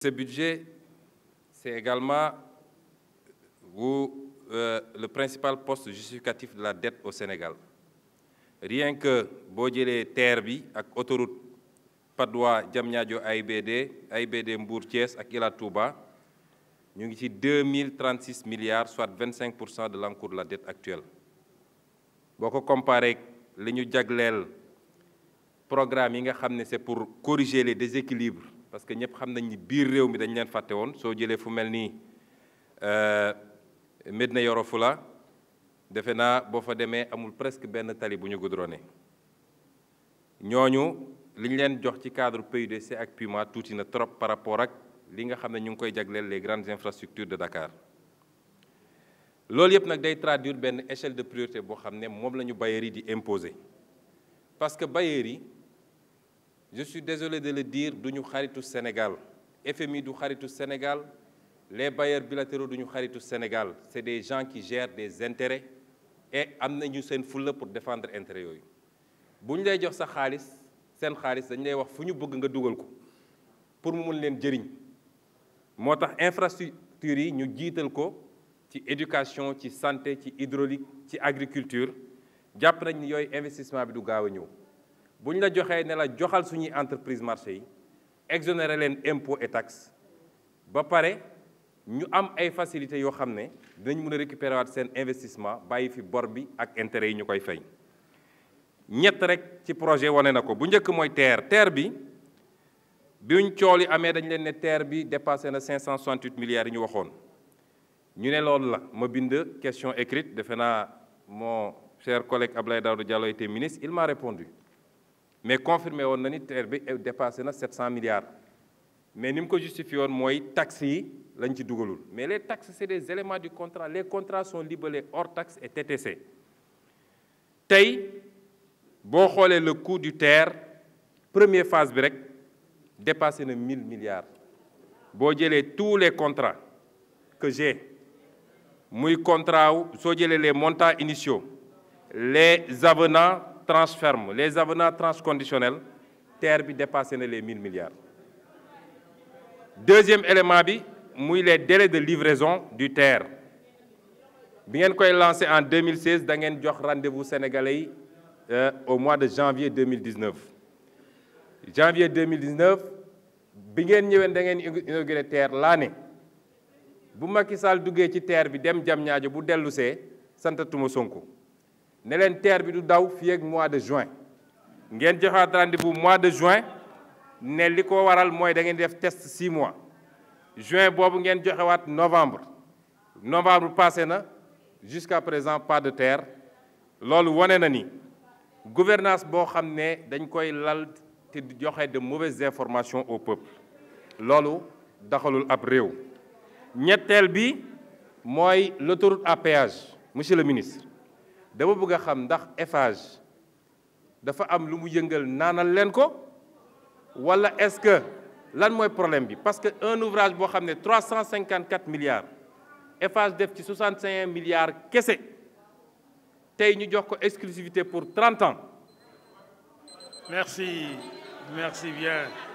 Ce budget, c'est également euh, le principal poste justificatif de la dette au Sénégal. Rien que Bodjele Terbi, avec autoroute Padoua, Djamnyadjo, AIBD, AIBD Mbour, et Ila Touba, nous avons 2036 milliards, soit 25% de l'encours de la dette actuelle. Si on compare les programmes, c'est pour corriger les déséquilibres parce que ñëpp xam nañ ni biir réew dañ leen fu fa amul presque benn tali bu leen jox ci cadre PUDC ak PUMA tuuti trop par rapport ak li nga ñu les grandes infrastructures de Dakar loolu yëpp nag day traduire échelle de priorité ne imposer parce que je suis désolé de le dire duñu xaritu Sénégal FMI du xaritu Sénégal les bailleurs bilatéraux duñu xaritu Sénégal c'est des gens qui gèrent des intérêts et am nañu seen fulla pour défendre intérêt yooyu bu ñu lay jox sa xaliss seen xaalis dañu lay wax fuñu bëgg nga duggal ko pour mu mun leen jëriñ motax infrastructure yi ñu jiital ko ci éducation ci santé ci hydraulique ci agriculture japp nañ ni yoy investissement bi du gaaw ñëw bu ñu la joxee ne la joxal suñuy entreprise marché yi exonéré leen impôt et taxe ba pare ñu am ay facilités yoo xam ne dinañ mën a récupérer waat seen investissement bàyyi fi bor bi ak intérêt yi ñu koy fay ñett rek ci projet wane na ko bu njëkk mooy terre TER bi biñ cool yi amee dañ leen ne terre bi dépassé na 568 milliards yi ñu waxoon ñu ne loolu la ma bind question écrite defe naa mon cher collègue Abdoulaye Daouda Diallo était ministre il m'a répondu mais confirmez on a dépassé 700 milliards mais nous ne justifié que les taxes mais les taxes c'est des éléments du contrat les contrats sont libellés hors taxes et TTC si vous le coût du terre première phase break rek dépassé na 1000 milliards vous tous les contrats que j'ai les contrat les montants initiaux les avenants transferme les avenants transconditionnels terre bi les 1000 milliards. deuxième élément bi muy les délais de livraison du terre. bi ngeen koy lancé en 2016 da ngeen jox rendez-vous sénégalais euh, au mois de janvier 2019 janvier 2019 bi ngeen ñëwee da terre inauguré TER vous bu Macky Sall duggé ci TER bi dem jam ñaajo bu ne leen TER bi du daw ak mois de juin ngeen joxaat rendez-vous mois de juin ne li ko waral mooy da ngeen def test six mois juin boobu ngeen joxewaat novembre novembre passé na jusqu'à présent pas de terre. loolu wane na ni gouvernance boo xam ne dañ koy lal te de mauvaises informations au peuple loolu daxalul ab réew ñetteel bi mooy l'autoroute à péage monsieur le ministre dama bëgg xam ndax est-ce que lan un problème parce que un ouvrage boo 354 milliards FH def 65 milliards exclusivité pour 30 ans. merci merci bien.